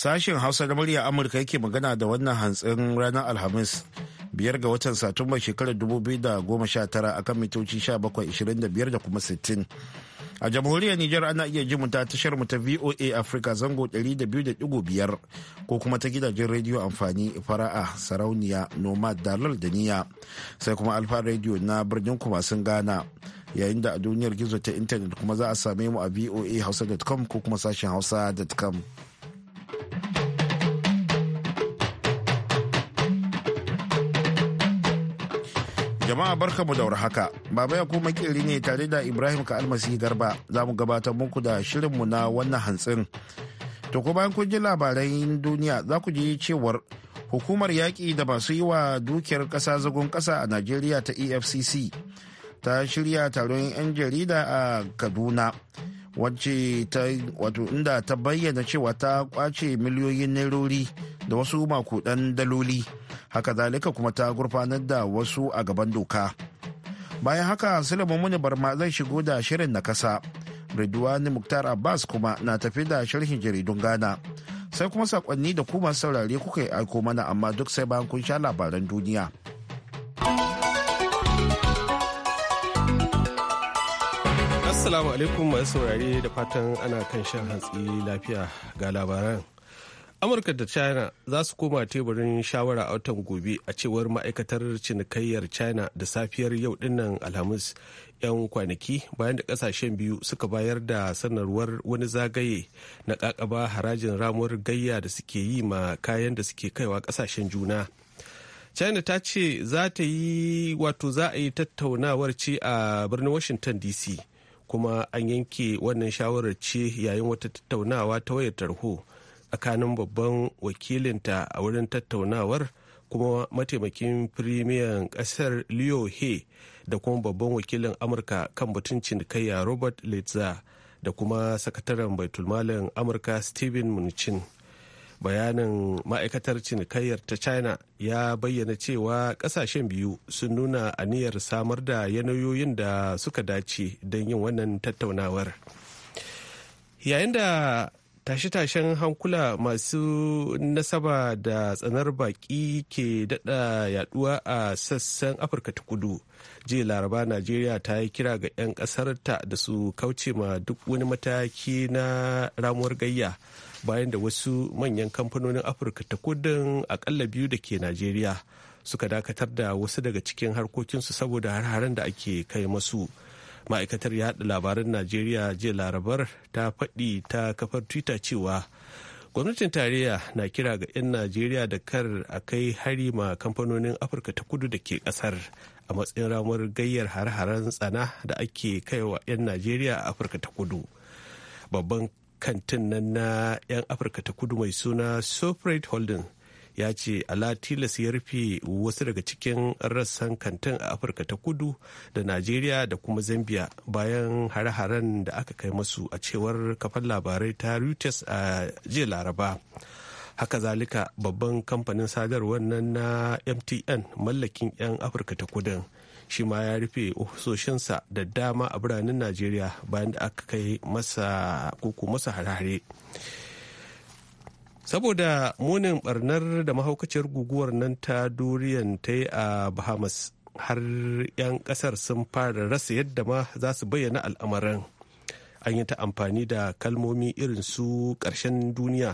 Sashen Hausa na murya Amurka yake magana da wannan hantsin ranar Alhamis biyar ga watan Satumba shekarar 2019 akan mitoci 1725 da kuma 60. A jamhuriyar Nijar ana iya jin ta tashar mu ta VOA Africa zango 200.5 ko kuma ta gidajen rediyo amfani fara'a sarauniya nomad dalal da niya sai kuma alfa rediyo na birnin kumasin gana, yayin da a duniyar gizo ta intanet kuma za a same mu a voa hausa.com ko kuma sashen hausa.com. Jama'a barkamu da haka Baba ya kuma kiri ne tare da Ibrahim ka almasi garba za mu gabatar muku da shirinmu na wannan hantsin. To ko bayan kun ji labaran duniya za ku ji cewar hukumar yaƙi da masu yi wa dukiyar ƙasa zagon ƙasa a Najeriya ta EFCC ta shirya taron 'yan jarida a Kaduna. wacce ta wato inda ta bayyana cewa ta kwace miliyoyin nerori da wasu makudan daloli haka zalika kuma ta gurfanar da wasu a gaban doka bayan haka sulaiman muni barma zai shigo da shirin na kasa Ridwani Muktar Abbas kuma na tafi da sharhin jaridun gana. Sai kuma sakonni da kuma saurare kuka yi aiko mana amma duk sai bayan kun sha labaran duniya. Assalamu alaikum masu saurare da fatan ana kan shan hatsi lafiya ga labaran. amurka da china za su koma teburin shawara a watan gobe a cewar ma'aikatar cinikayyar china da safiyar yau dinnan alhamis 'yan kwanaki bayan da kasashen biyu suka bayar da sanarwar wani zagaye na kakaba harajin ramuwar gayya da suke yi ma kayan da suke kaiwa kasashen juna china ta ce za ta yi wato za a yi tattaunawar ce a birnin washington dc kuma an yanke wannan shawarar ce yayin wata tattaunawa ta wayar tarho tsakanin babban wakilinta a wurin tattaunawar kuma mataimakin firimiyan kasar leo he da kuma babban wakilin amurka kan batun cinikayya robert litza da kuma sakataren baitulmalin amurka steven munichin bayanin ma'aikatar cinikayyar ta china ya bayyana cewa kasashen biyu sun nuna aniyar samar da yanayoyin da suka dace don yin wannan tattaunawar yayin da tashe-tashen hankula masu nasaba da tsanar baki ke dada yaduwa a sassan afirka ta kudu jiya laraba najeriya ta yi kira ga 'yan kasarta da su kauce ma duk wani mataki na ramuwar gayya bayan da wasu manyan kamfanonin afirka ta kudin akalla biyu da ke najeriya suka dakatar da wasu daga cikin harkokinsu saboda har-haren da ake kai masu. ma'aikatar yaɗa labaran najeriya jiya larabar ta faɗi ta kafar twitter cewa gwamnatin tarayya na kira ga 'yan najeriya da kar a kai hari ma kamfanonin afirka ta kudu da ke kasar a matsayin ramar gayyar har-haren tsana da ake kaiwa 'yan najeriya a afirka ta kudu babban kantin nan na 'yan afirka ta kudu mai suna sofrate holding ya ce ala tilas ya rufe wasu daga cikin rassan kantin a afirka ta kudu da najeriya da kuma zambia bayan hare-haren da aka kai masu a cewar kafar labarai ta reuters a jiya laraba haka zalika babban kamfanin sadarwar nan na mtn mallakin 'yan afirka ta kudin shi ma ya rufe ofisoshinsa da dama a biranen najeriya bayan da aka kai masa koko masa hare-hare saboda munin barnar da mahaukaciyar guguwar nan ta duriyan ta yi a bahamas har 'yan kasar sun fara rasa yadda ma za su bayyana al'amarin an yi ta amfani da kalmomi irin su ƙarshen duniya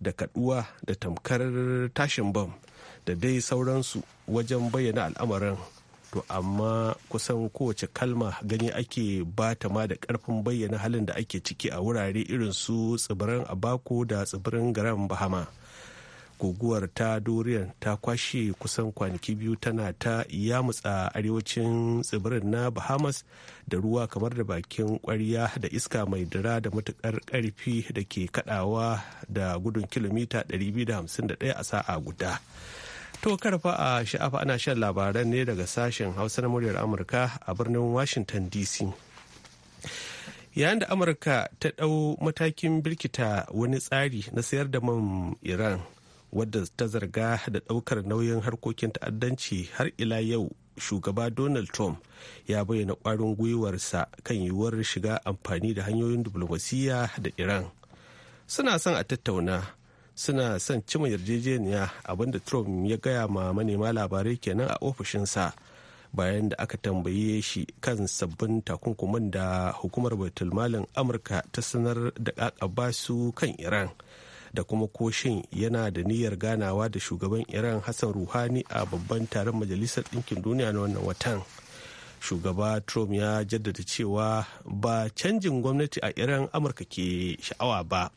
da kaduwa da tamkar tashin bam da dai sauransu wajen bayyana al'amarin to amma kusan kowace kalma gani ake ba ta ma da karfin bayyana halin da ake ciki a wurare irin su tsibiran abako da tsibirin garan bahama guguwar ta dorian ta kwashe kusan kwanaki biyu tana ta yamutsa arewacin tsibirin na bahamas da ruwa kamar da bakin kwarya da iska mai dira da matukar karfi da ke kadawa da gudun kilomita 251 a sa'a guda To karfa a sha'afa ana shan labaran ne daga sashen Hausa na muryar Amurka a birnin Washington DC. Yayin da Amurka ta ɗau matakin birkita wani tsari na sayar da man Iran wadda ta zarga da ɗaukar nauyin harkokin ta'addanci har ila yau shugaba Donald Trump ya bayyana ƙwarin gwiwarsa kan yiwuwar shiga amfani da hanyoyin diflomasiyya da Iran. Suna son a tattauna. suna son cima yarjejeniya abinda trump ya gaya ma manema labarai kenan a ofishinsa bayan da aka tambaye shi kan sabbin takunkuman da hukumar baitulmalin amurka ta sanar da ƙaƙa basu kan iran da kuma koshin yana da niyyar ganawa da shugaban iran hassan ruhani a babban taron majalisar ɗinkin duniya na wannan watan shugaba trump ya jaddada cewa ba canjin gwamnati a iran amurka ke sha'awa ba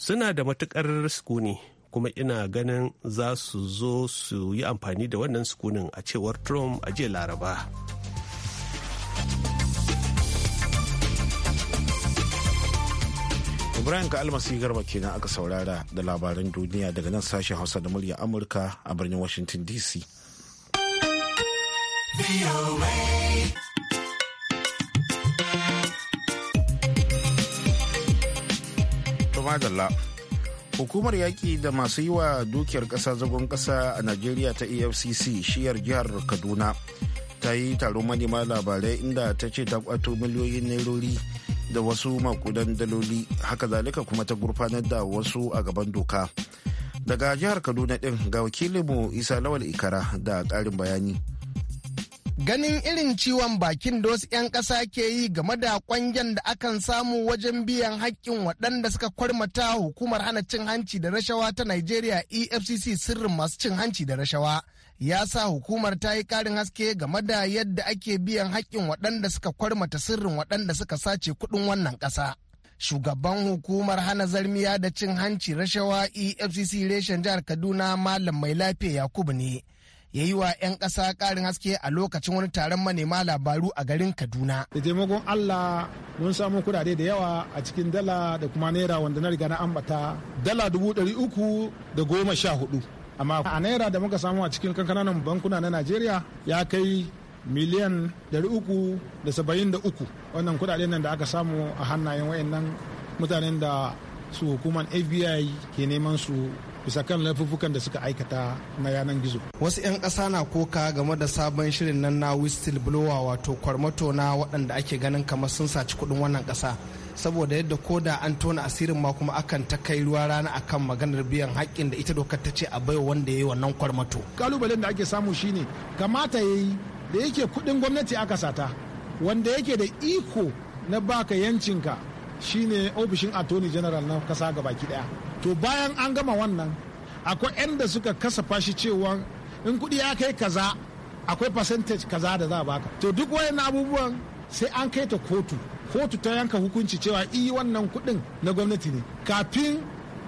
suna da matukar sukuni kuma ina ganin za su zo su yi amfani da wannan sukunin a cewar trump a jiya laraba ibrahim ka almasi garba kenan aka saurara da labaran duniya daga nan sashen hausa da murya amurka a birnin washington dc dalla hukumar yaƙi da masu yi wa dukiyar ƙasa zagon ƙasa a najeriya ta efcc shiyar jihar kaduna ta yi taron manema labarai inda ta ce ta kwato miliyoyin nairori da wasu makudan daloli haka zalika kuma ta gurfanar da wasu a gaban doka daga jihar kaduna ɗin ga wakilinmu isa lawal ikara da ƙarin bayani ganin irin ciwon bakin da wasu 'yan ƙasa ke yi game da ƙwangen da akan samu wajen biyan haƙƙin waɗanda suka kwarmata hukumar hana cin hanci da rashawa ta Nigeria EFCC sirrin masu cin hanci da rashawa. Ya sa hukumar ta yi ƙarin haske game da yadda ake biyan haƙƙin waɗanda suka kwarmata sirrin waɗanda suka sace kuɗin wannan ƙasa. shugaban hukumar hana zarmiya da cin hanci rashawa efcc reshen jihar kaduna malam mai lafiya yakubu ne ya yi wa 'yan ƙasa ƙarin haske a lokacin wani taron manema labaru a garin kaduna da taimakon allah mun samu kudade da yawa a cikin dala da kuma naira wanda na riga na ambata dala dubu ɗari uku da goma sha hudu amma a naira da muka samu a cikin kankananan bankuna na najeriya ya kai miliyan ɗari uku da saba'in da uku wannan kudaden nan da aka samu a hannayen wayannan mutanen da su hukumar fbi ke neman su bisa kan laifukan da suka aikata na yanan gizo wasu 'yan ƙasa na koka game da sabon shirin nan na whistle blower wato kwarmato na waɗanda ake ganin kamar sun saci kuɗin wannan ƙasa saboda yadda ko da an tona asirin ma kuma akan ta kai ruwa rana akan maganar biyan haƙƙin da ita dokar ta ce a baiwa wanda ya yi wannan kwarmato. kalubalen da ake samu shine kamata ya yi da yake kuɗin gwamnati aka sata wanda yake da iko na baka yancinka shine ofishin attorney general na kasa gabaki daya. to bayan an gama wannan akwai 'yan da suka kasafa shi cewa in kudi ya kai kaza akwai percentage kaza da za a baka to duk wayan abubuwan sai an kai ta kotu kotu ta yanka hukunci cewa i wannan kuɗin na gwamnati ne kafin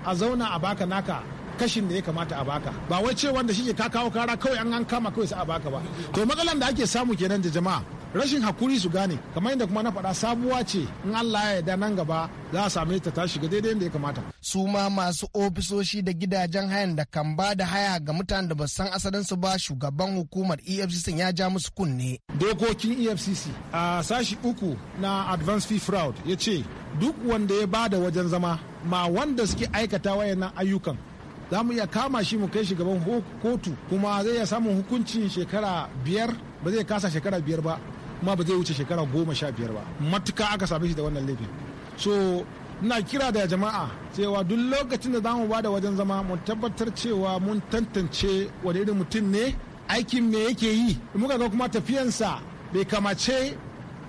a zauna a baka naka kashin da ya kamata a baka ba wai cewa da shi ka kawo kara kawai an an kama kawai sai a baka ba to matsalan da ake samu kenan da jama'a rashin hakuri su gane kamar yadda kuma na faɗa sabuwa ce in Allah ya yarda nan gaba za a same ta tashi ga daidai da ya kamata su ma masu ofisoshi da gidajen hayan da kan ba da haya ga mutanen da ba san asalin su ba shugaban hukumar EFCC ya ja musu kunne dokokin EFCC a sashi uku na advance fee fraud ya ce duk wanda ya ba da wajen zama ma wanda suke aikata wayannan ayyukan za mu iya kama shi mu kai shi gaban kotu kuma zai iya samun hukuncin shekara biyar ba zai kasa shekara biyar ba kuma ba zai wuce shekara goma sha biyar ba matuka aka same shi da wannan laifin so ina kira da jama'a cewa duk lokacin da zamu bada wajen zama mu tabbatar cewa mun tantance wani irin mutum ne aikin me yake yi muka ga kuma tafiyansa bai kamace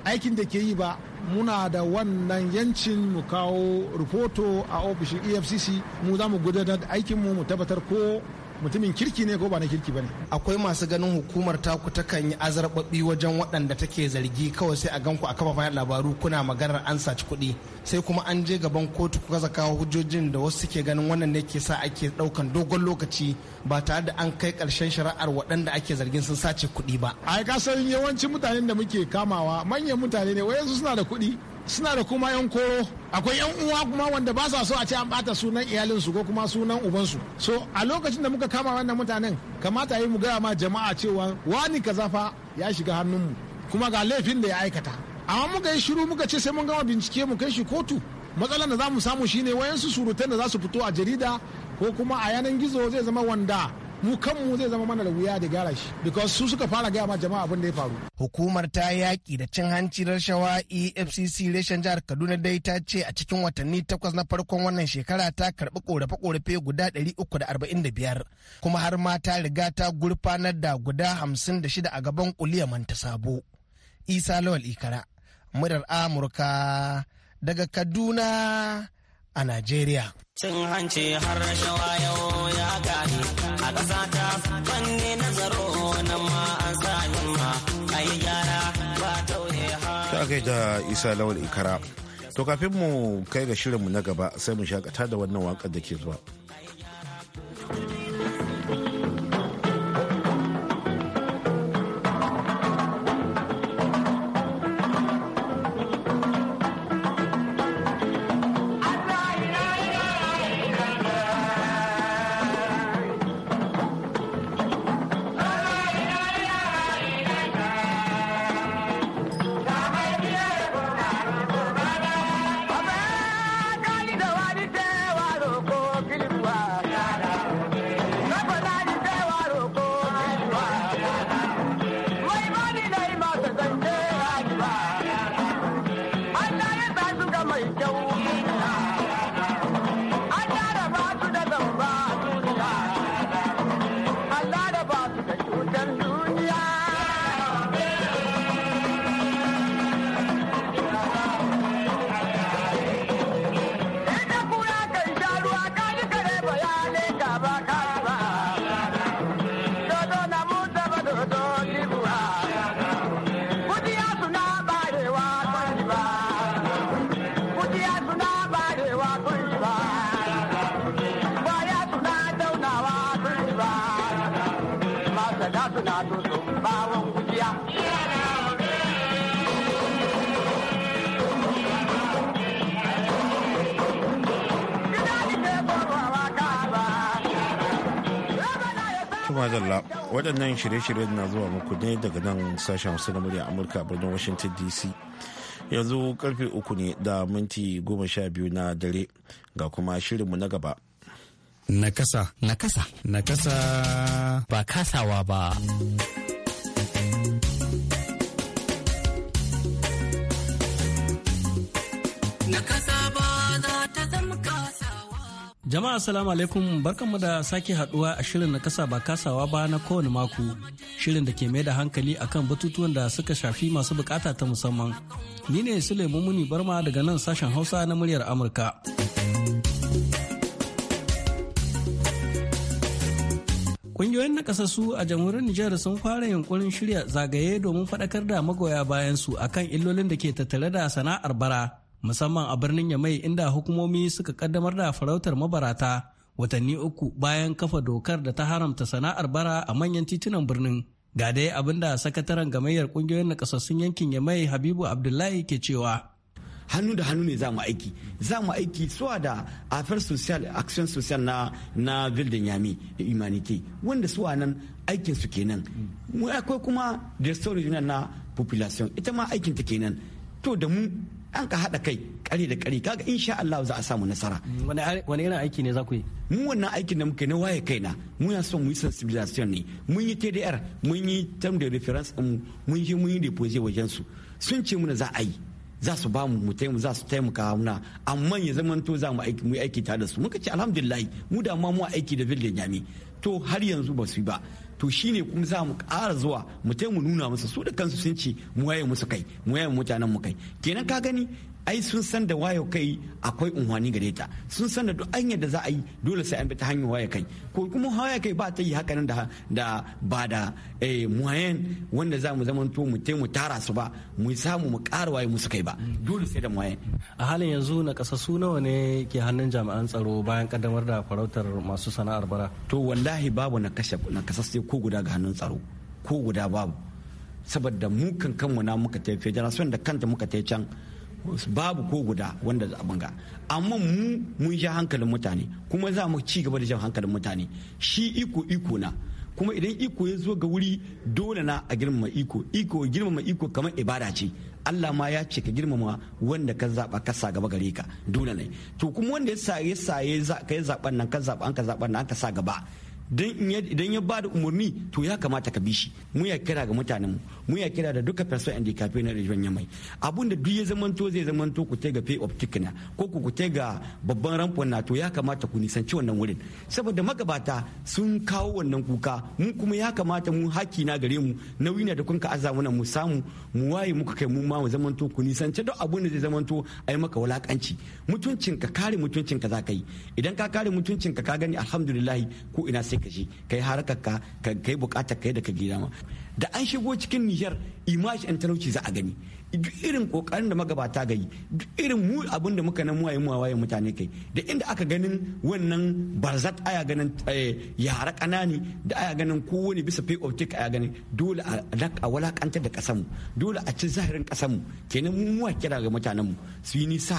aikin da ke yi ba muna da wannan yancin mu kawo rufoto a ofishin efcc mu za mu gudanar da aikinmu mu tabbatar ko mutumin kirki ne ko ba na kirki bane akwai masu ganin hukumar ta ku takan yi azarbabi wajen waɗanda take zargi kawai sai a ganku a kafafen labaru kuna maganar an saci kuɗi sai kuma an je gaban kotu ku gaza kawo hujjojin da wasu suke ganin wannan ne ke sa ake ɗaukan dogon lokaci ba tare da an kai ƙarshen shari'ar waɗanda ake zargin sun sace kuɗi ba ai ka san yawancin mutanen da muke kamawa manyan mutane ne wayansu suna da kuɗi suna da kuma yan koro akwai yan uwa kuma wanda ba sa so a ce an bata sunan iyalinsu ko kuma sunan ubansu so a lokacin da muka kama wannan mutanen kamata yi mu gaya ma jama'a cewa wani kazafa ya shiga hannunmu kuma ga laifin da ya aikata amma muka yi shiru muka ce sai mun gama bincike mu kai shi kotu matsalar da za mu samu shine wayansu surutan da za su fito a jarida ko kuma a yanan gizo zai zama wanda mu kanmu zai zama mana da wuya da gyara shi because su suka fara gaya ma jama'a abin da ya faru hukumar ta yaki da cin hanci rashawa EFCC reshen jihar Kaduna dai ta ce a cikin watanni takwas na farkon wannan shekara ta karbi korafe-korafe guda 345 kuma har ma ta riga ta gurfanar da guda 56 a gaban kuliya manta sabo Isa Lawal Ikara murar Amurka daga Kaduna a Najeriya. Cin hanci har rashawa yau ya gane a ƙasa na fanni nazaro nan ma an sa ma a yi gyara ba tauye ha. Ta da Isa Lawal Ikara. To kafin mu kai ga shirinmu na gaba sai mu shakata da wannan waƙar da ke zuwa. waɗannan shirye shirye na zuwa muku ne daga nan sashen wasu na murya amurka birnin washington dc yanzu karfe uku ne da minti goma sha biyu na dare ga kuma shirinmu na gaba nakasa nakasa nakasa ba kasawa ba nakasa ba Jama'a salamu alaikum barkanmu da sake haduwa a shirin na kasa ba kasawa ba na kowane mako. Shirin da ke mai da hankali akan batutuwan da suka shafi masu bukata ta musamman. Ni ne Suleiman Muni Barma daga nan sashen Hausa na muryar Amurka. Kungiyoyin nakasassu a jamhuriyar Nijar sun fara yunkurin shirya zagaye domin faɗakar da magoya bayansu su akan illolin da ke tattare da sana'ar bara. musamman a birnin Yamai inda hukumomi suka kaddamar da farautar mabarata watanni uku bayan kafa dokar da ta haramta sana'ar bara a manyan titunan birnin. Ga dai da sakataren gamayyar kungiyoyin nakasassun yankin Yamai Habibu Abdullahi ke cewa. hannu da hannu ne za mu aiki za mu aiki suwa da affaires social action social na na building yami da imanike wanda suwa nan aikin su kenan mu akwai kuma the story na population ita ma aikin ta kenan to da mu an ka haɗa kai ƙari da ƙari kaga insha Allah za a samu nasara mm, wani irin aiki ne za ku yi mu wannan aikin da muke na waye kaina muna son mu yi sensibilisation ne mun yi TDR mun yi term da reference mu mun yi mun yi deposit wajen su sun ce muna za a yi za su ba mu mu taimu za su taimaka muna amma ya zama to za mu aiki mu aiki tare da su muka ce alhamdulillah mu da ma mu aiki da village jami to har yanzu ba su yi ba to shine kuma za mu ƙara zuwa mu mu nuna musu su da kansu sun ce mu waye musu kai mu waye mutanen mu kai kenan ka gani ai sun san da wayo kai akwai unhwani gare ta sun san da duk hanyar da za a yi dole sai an bi ta hanyar waye kai ko kuma waye kai ba ta yi haka nan da da ba da eh wanda za mu zama to mu te mu tara su ba mu samu mu ƙara waye musu kai ba dole sai da muayen a halin yanzu na su nawa ne ke hannun jami'an tsaro bayan kaddamar da farautar masu sana'ar bara to wallahi babu na kashe na sai ko guda ga hannun tsaro ko guda babu saboda mu kan kanmu na muka tafi generation da kanta muka tafi can babu ko guda wanda za banga amma mu mun sha hankalin mutane kuma za mu ci gaba da shan hankalin mutane shi iko iko na kuma idan iko ya zo ga wuri dole na a girmama iko iko girmama iko kamar ibada ce Allah ma ya ce ka girmama wanda ka zaba ka sa gaba gare ka dole ne to kuma wanda ya sa ya sa ya zaba nan ka zaba an ka zaba nan ka sa gaba idan ya ba da umarni to ya kamata ka bi shi mu ya kira ga mutanen mu ya kira da duka person and cafe na rijiyar yamai abun da duk ya zamanto zai zamanto ku ga pay of tikina ko ku ku ga babban ramfon na to ya kamata ku nisanci wannan wurin saboda magabata sun kawo wannan kuka mu kuma ya kamata mu haki na gare mu nauyi na da kun ka azamuna mu samu mu waye muka kai mu ma mu zamanto ku nisanci duk abun da zai zamanto ai maka wulakanci mutuncinka kare mutuncinka za ka yi idan ka kare mutuncinka ka gani alhamdulillah ko ina sai ka shi kai harkar ka kai bukatar kai da ka gida ma da an shigo cikin Nijar imashi an talauci za a gani irin kokarin da magabata gayi duk irin mu abin da muka na muwaye muwaye mutane kai da inda aka ganin wannan barzat aya ganin eh, yara kanani da aya ganin kowane bisa pay of take aya ganin dole a walakantar da kasanmu dole a ci zahirin kasanmu kenan mu muwa kira ga mutanenmu su yi nisa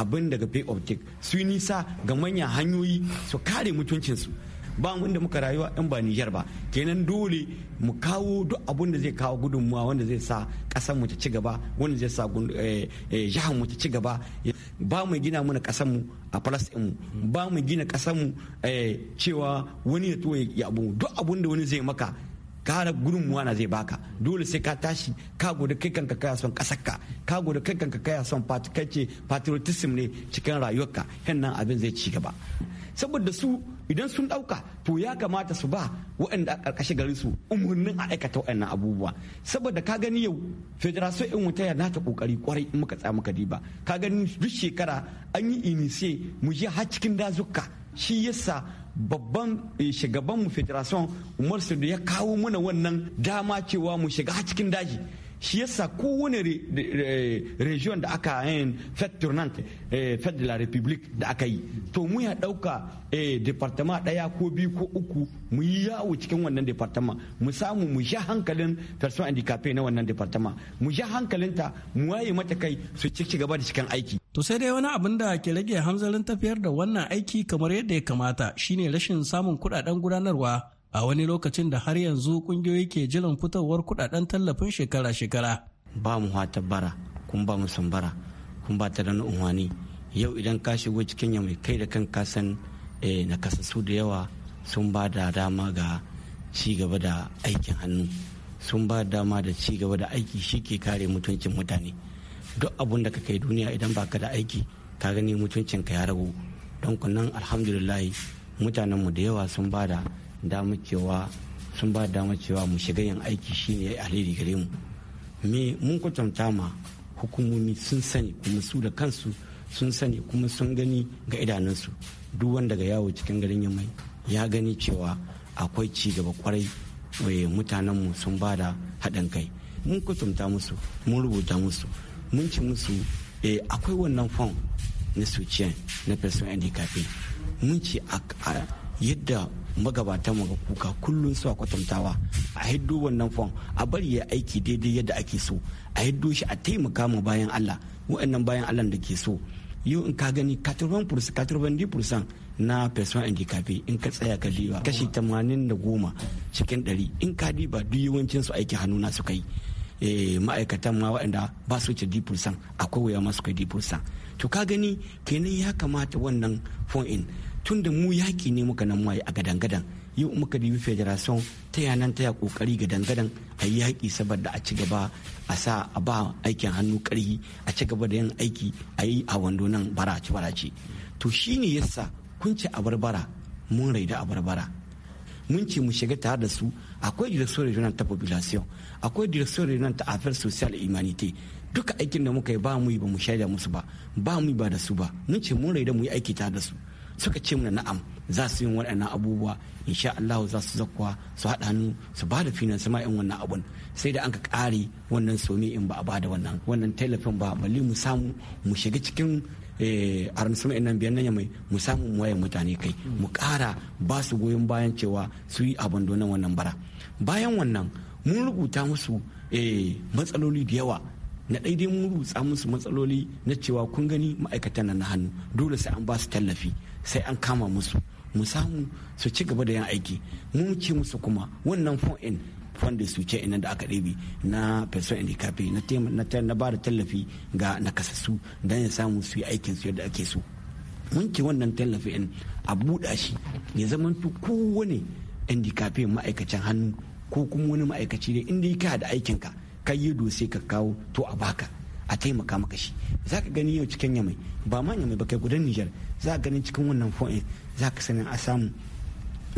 abin daga pay of take su yi nisa ga manyan hanyoyi su kare mutuncinsu ba da muka rayuwa in ba Niger ba kenan dole mu kawo duk abun da zai kawo gudunmuwa wanda zai sa kasar mu ta ci gaba wanda zai sa eh, eh, jihar mu ta ci gaba ba mu gina mana kasar mu a falas mu ba mu gina kasar mu eh, cewa wani ya tuwa ya abu duk abun da wani zai maka kara gudunmuwa na zai baka dole sai ka tashi ka gode kai kanka kaya son kasarka ka gode kai kanka kaya son patriotism ne cikin rayuwarka nan abin zai ci gaba saboda su idan sun dauka to ya kamata su ba waɗanda a ƙarƙashin garin su umurnin a aikata waɗannan abubuwa saboda ka gani yau federation in wuta na ta kokari kwarai in muka tsaya muka diba ka gani duk shekara an yi inisiye mu je har cikin dazuka shi yasa babban eh, shugaban mu federation umar ya kawo mana wannan dama cewa mu shiga har cikin daji shi yasa kowane region da aka yin fed tournante eh, fed de la republique da aka yi to mu ya dauka eh, departement daya ko biyu ko uku mu yi yawo cikin wannan departement mu samu mu sha hankalin person handicapé na wannan departement mu sha hankalinta mu waye mata kai su ci gaba da cikin aiki To sai dai wani abin da ke rage hanzarin tafiyar da wannan aiki kamar yadda ya kamata shine rashin samun kudaden gudanarwa a wani lokacin da har yanzu kungiyoyi ke jiran fitowar kudaden tallafin shekara-shekara. Ba mu hata bara, kun ba mu bara, kun ba ta da unwani. Yau idan ka shigo cikin mai kai da kan kasan eh, na kasasu da yawa sun ba da dama ga ci gaba da aikin hannu sun ba dama da ci gaba da aiki shi ke kare mutuncin mutane duk abun da ka kai duniya idan ba ka da aiki ka gani mutuncinka ya ragu don kunan alhamdulillah mutanenmu da yawa sun ba da damar cewa sun ba damar cewa mu shiga yin aiki shine alheri gare mu me mun kwatanta ma hukumomi sun sani kuma su da kansu sun sani kuma sun gani ga idanunsu duk wanda ga yawo cikin garin yamai ya gani cewa akwai ci gaba kwarai eh, mu sun ba da haɗin kai mun kwatanta musu mun rubuta musu mun ci musu eh, akwai wannan fom na suciyan na person handicapin mun ci yadda magabatan mu ga kuka kullum su kwatantawa a hiddo wannan fon a bari ya aiki daidai yadda ake so a hiddo shi a taimaka mu bayan Allah wa'annan bayan Allah da ke so yau in ka gani 80% 90% na person handicapé in ka tsaya ka liwa kashi 80 da goma cikin 100 in ka diba duk yawancin su aiki hannu na suka yi eh, ma'aikatan ma waɗanda ba su wuce dipulsan akwai wuya masu kai dipulsan to ka gani kenan ya kamata wannan phone in tun da mu yaƙi ne muka nan mai a gadan-gadan yau muka dubi federation ta yanan ta ya kokari gadan-gadan a yi yaƙi saboda a ci gaba a sa a ba aikin hannu ƙarfi a ci gaba da yin aiki a yi a wando nan barace-barace to shine yasa kun ce a barbara mun raida a barbara mun ce mu shiga tare da su akwai direction regional ta population akwai direction regional ta affaires social et humanité duka aikin da muka yi ba mu yi ba mu shaida musu ba ba mu yi ba da su ba mun ce mun raida mu yi aiki tare da su suka ce mana na'am za su yi waɗannan abubuwa insha Allah za su zakwa su haɗa hannu su ba da finan su ma'in wannan abun sai da an ka ƙare wannan somi in ba a ba da wannan wannan tallafin ba bali mu samu mu shiga cikin eh, arin sama nan biyan nan mai mu samu mu waye mutane kai mu ƙara ba su goyon bayan cewa su yi donan wannan bara bayan wannan mun rubuta musu eh, matsaloli da yawa na daidai mun rubuta musu matsaloli na cewa kun gani ma'aikatan nan na hannu dole sai an ba su tallafi sai an kama musu mu samu su ci gaba da yin aiki mun ce musu kuma wannan fon fon da su ce inan da aka ɗebe na person handicapé na na ba da tallafi ga nakasassu don ya samu su yi aikin su yadda ake so mun ce wannan tallafi in a buɗa shi ya zamanto kowane handicapé ma'aikacin hannu ko kuma wani ma'aikaci ne inda kai da aikin ka kai yi dose ka kawo to a baka a taimaka maka shi za ka gani yau cikin yamai ba ma yamai ba kai gudan nijar za a ganin cikin wannan fo'in za ka sanin a samu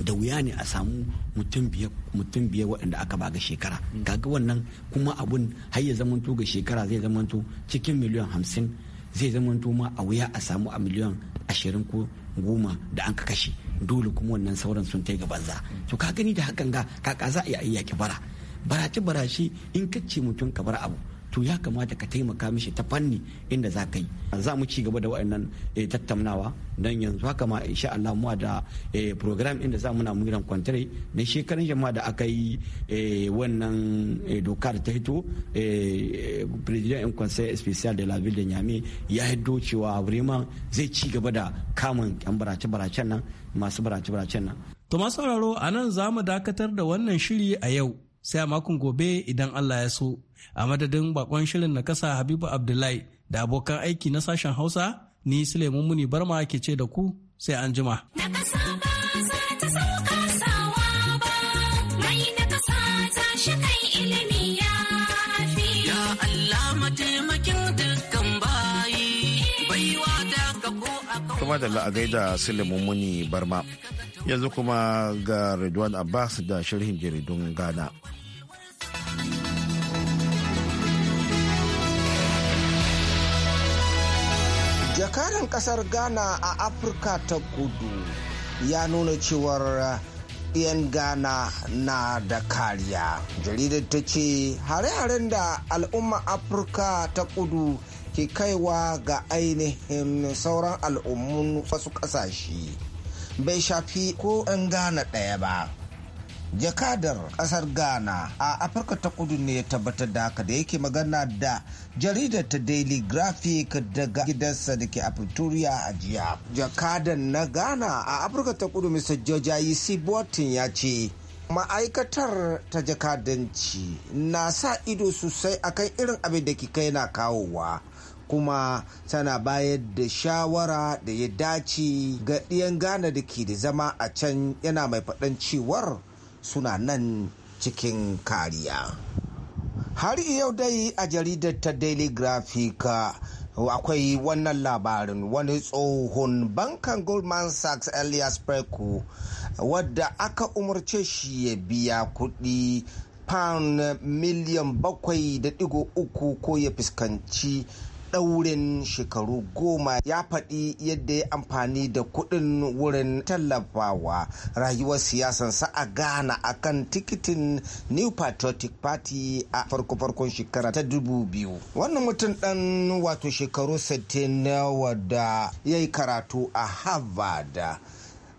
da wuya ne a samu mutum biyar waɗanda aka ba ga shekara kaga wannan kuma abun har ya zamanto ga shekara zai zamanto cikin miliyan hamsin zai zamanto ma a wuya a samu a miliyan ashirin ko goma da an ka kashe dole kuma wannan sauran sun tai ga banza to ka gani da hakan ga kaka za a iya yaƙi bara barace barace in kace mutum ka bar abu to ya kamata ka taimaka mishi ta fanni inda za ka yi za mu ci gaba da wa'annan eh, tattaunawa don yanzu haka ma insha Allah mu da eh, program inda za mu na muran kwantare na shekarun jama'a da aka yi eh, wannan doka da ta hito president in conseil special de la ville de Niamey ya hiddo cewa vraiment zai ci gaba da kamun yan barace-baracen nan masu barace-baracen nan to masu sauraro a nan za mu dakatar da wannan shiri a yau sai a makon gobe idan Allah ya so. A madadin bakon shirin na kasa Habibu Abdullahi da abokan aiki na sashen Hausa ni Suleiman Muni Barma ke ce da ku sai an jima. Kuma da la'agai da Suleiman Muni Barma. yanzu kuma ga Redwan Abbas da sharhin jaridun Ghana. jakaran kasar Ghana a Afirka ta kudu ya nuna cewar 'yan Ghana na da kariya. Jaridar ta ce hare-haren da al'umma Afirka ta kudu ke kaiwa ga ainihin sauran al'ummun wasu kasashe. bai shafi ko 'yan Ghana ɗaya ba. jakadar ƙasar ghana a afirka ta kudu ne ya tabbatar da haka da yake magana da jaridar ta daily graphic daga gidansa da ke a pretoria a jiya jakadar na ghana a afirka ta kudu mr george botin ya ce ma'aikatar ta jakadanci na sa ido sosai akan irin abin da ke kai na kawowa kuma tana bayar da shawara da ya dace ga ɗiyan gana da ke da zama a can yana mai faɗan cewar suna nan cikin kariya har yau dai a jaridar ta daily graphic akwai wannan labarin wani tsohon bankan goldman sachs elias preku wadda aka umarce shi ya biya kuɗi pound miliyan bakwai da uku ko ya fuskanci ɗaurin shekaru goma ya faɗi yadda ya amfani da kuɗin wurin tallafawa rayuwar siyasansa a ghana kan tikitin new patriotic party a farko-farkon shekara ta dubu biyu wannan mutum ɗan wato shekaru 60 wadda ya yi karatu a harvard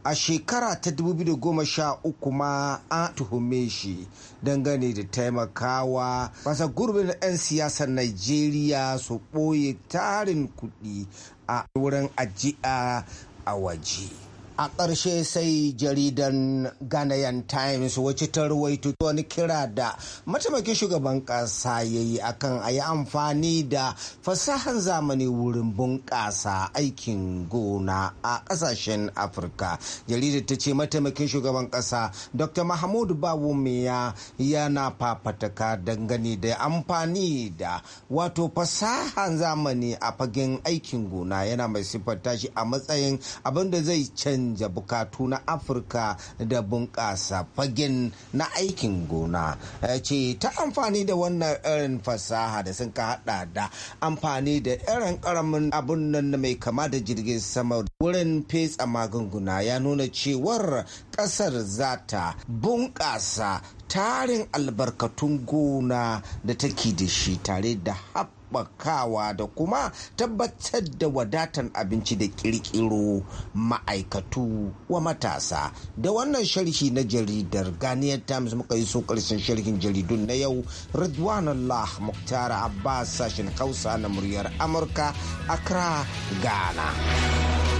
a shekara ta 2013 ma an tuhume shi dangane da taimakawa masa gurbin 'yan siyasar nigeria su ɓoye tarin kuɗi a wurin ajiya a waje a ƙarshe sai jaridan ghanaian times wacce ta rawaito wani kira da mataimakin shugaban ƙasa ya yi akan a yi amfani da fasahan zamani wurin bunƙasa aikin gona a ƙasashen afirka jaridar ta ce mataimakin shugaban ƙasa dr mahmud bawumiya yana fafataka dangane da amfani da wato fasahan zamani a fagen aikin gona yana mai siffar shi a matsayin abin da zai canza canja bukatu na afirka da bunƙasa fagen na aikin gona ce ta amfani da wannan irin fasaha da sun ka hada da amfani da irin karamin abun nan mai kama da jirgin sama wurin fetsa magunguna ya nuna cewar ƙasar zata ta bunƙasa tarin albarkatun gona da take da shi tare da haf haɓakawa da kuma tabbatar da wadatar abinci da ƙirƙiro ma'aikatu wa matasa da wannan sharhi na jaridar Ghanaian Times muka yi so ƙarshen sharhin jaridun na yau Ridwanullah Muktar Abbas sashen Hausa na muryar Amurka Accra Ghana.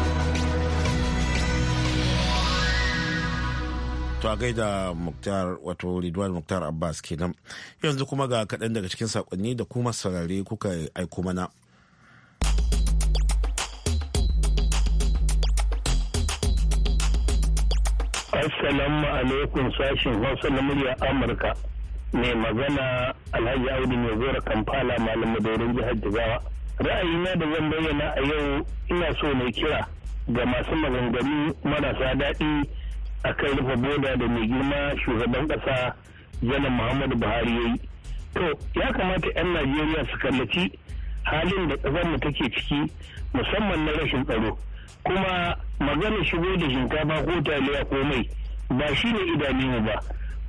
To a gaida Muktar wato Ridwan Muktar Abbas kenan. Yanzu kuma ga kaɗan daga cikin saƙonni da kuma sarari kuka aiko mana. Assalamu alaikum sashin Hausa na murya Amurka. Mai magana Alhaji Audu mai zora Kampala malam Madorin jihar Jigawa. Ra'ayina da zan bayyana a yau ina so na kira ga masu maganganu marasa daɗi a akan rufe boda da mai girma shugaban kasa janar muhammadu buhari ya yi to ya kamata 'yan najeriya su kallaci halin da ƙasarmu take ciki musamman na rashin tsaro kuma magana shigo da shinkafa ko taliya ko mai ba shi ne idanunmu ba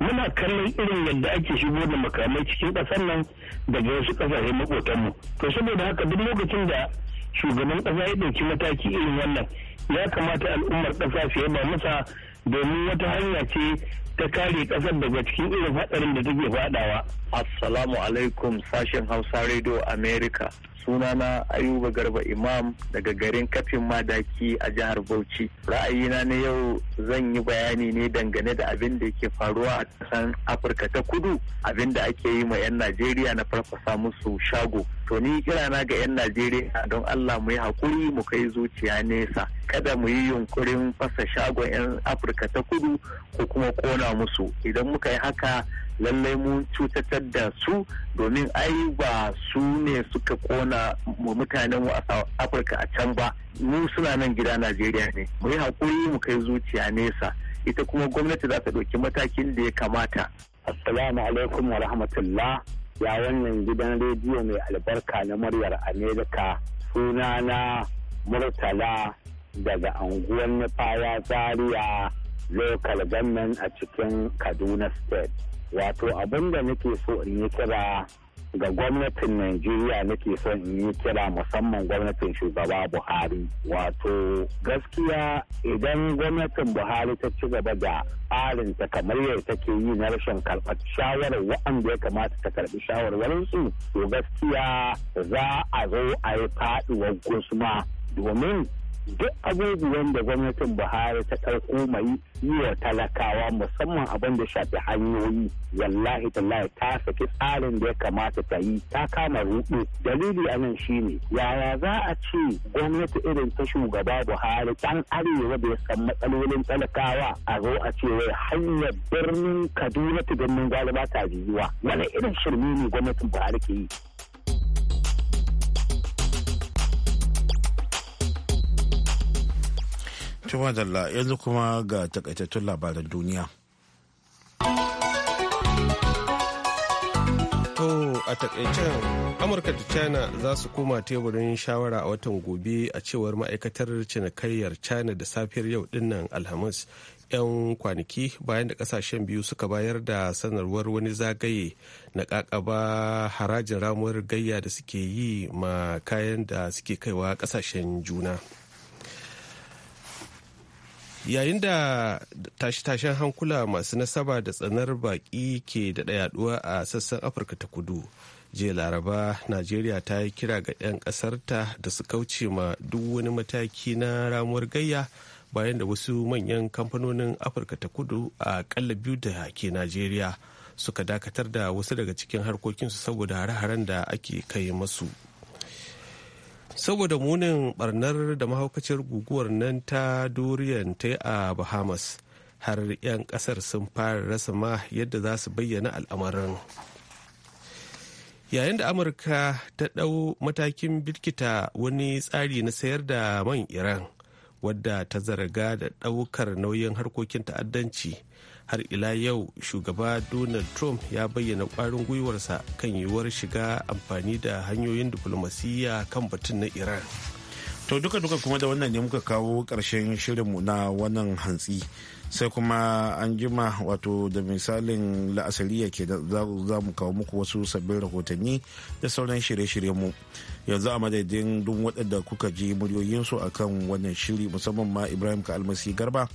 muna kallon irin yadda ake shigo da makamai cikin ƙasar nan daga wasu ƙasashen maƙotanmu to saboda haka duk lokacin da shugaban ƙasa ya ɗauki mataki irin wannan ya kamata al'ummar ƙasa su yaba masa domin wata hanya ce ta kare kasar daga cikin irin hadarin da take fadawa. Assalamu alaikum sashen Hausa Radio America. sunana ayuba garba imam daga garin kafin madaki a jihar bauchi ra'ayina na yau zan yi bayani ne dangane da abin da yake faruwa a kasan afirka ta kudu abin da ake yi ma 'yan najeriya na farfasa musu shago to ni kirana ga 'yan najeriya don allah mu yi hakuri mu kai zuciya nesa kada mu yi yunkurin fasa shagon 'yan afirka ta kudu ko kuma kona musu idan muka yi haka lallai mu cutar da su domin ai ba su ne suka kona mutanen mu a afirka a can ba mu suna nan gida najeriya ne mu yi haƙuri mu kai zuciya nesa ita kuma gwamnati za ta ɗauki matakin da ya kamata assalamu alaikum wa rahmatullah ya wannan gidan rediyo mai albarka na muryar amerika sunana murtala daga anguwar nufaya zaria local government a cikin kaduna state wato abin da nake so in yi kira ga gwamnatin Najeriya nake so in yi kira musamman gwamnatin shugaba Buhari. Wato gaskiya idan gwamnatin Buhari ta ci gaba da tsarinta kamar yadda take yi na rashin karɓar shawarar waɗanda ya kamata ta karɓi shawarwarinsu to gaskiya za a zo a yi faɗuwar gusma domin duk abubuwan da gwamnatin buhari ta ɗauko mai yi wa talakawa musamman abin da shafi hanyoyi wallahi tallahi ta saki tsarin da ya kamata ta yi ta kama ruɗu dalili a nan shine yaya za a ce gwamnati irin ta shugaba buhari ɗan arewa da ya san matsalolin talakawa a zo a ce wai hanyar birnin kaduna ta birnin gwalaba ta biyuwa wani irin shirme ne gwamnatin buhari ke yi Cewa dalla yanzu kuma ga takaitattun labaran duniya. To a takaicen Amurka da China za su koma teburin shawara a watan gobe a cewar ma'aikatar cinikayyar China da safiyar yau dinnan Alhamis 'yan kwanaki bayan da kasashen biyu suka bayar da sanarwar wani zagaye na kakaba harajin ramuwar gayya da suke yi ma kayan da suke kaiwa kasashen juna. yayin da tashe-tashen hankula masu nasaba da tsanar baki ke da yaduwa a sassan afirka ta kudu jiya laraba najeriya ta yi kira ga 'yan ƙasarta da su kauce ma duk wani mataki na ramuwar gayya bayan da wasu manyan kamfanonin afirka ta kudu a ƙalla biyu da ke najeriya suka dakatar da wasu daga cikin harkokinsu saboda hare-haren da ake kai masu. saboda munin barnar da mahaukaciyar guguwar nan ta duriyan ta a bahamas har 'yan kasar sun fara rasa ma yadda za su bayyana al'amarin yayin da amurka ta ɗau matakin birkita wani tsari na sayar da man iran wadda ta zarga da ɗaukar nauyin harkokin ta'addanci har ila yau shugaba donald trump ya bayyana kwarin gwiwarsa kan yiwuwar shiga amfani da hanyoyin diflomasiyya kan batun na iran to duka duka kuma da wannan ne muka kawo karshen shirinmu na wannan hantsi sai kuma an jima wato da misalin la'asariya ke za mu kawo muku wasu sabbin rahotanni da sauran shirye-shiryenmu mu yanzu a madadin duk waɗanda kuka ji muryoyinsu a kan wannan shiri musamman ma ibrahim ka almasi garba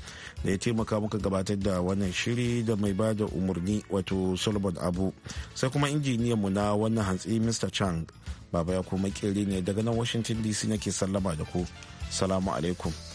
da ya taimaka muka gabatar da wannan shiri da mai ba da umarni wato solomon abu sai kuma injiniyan mu na wannan hantsi mr chang baba ya kuma ne daga nan washington dc nake sallama da ku salamu alaikum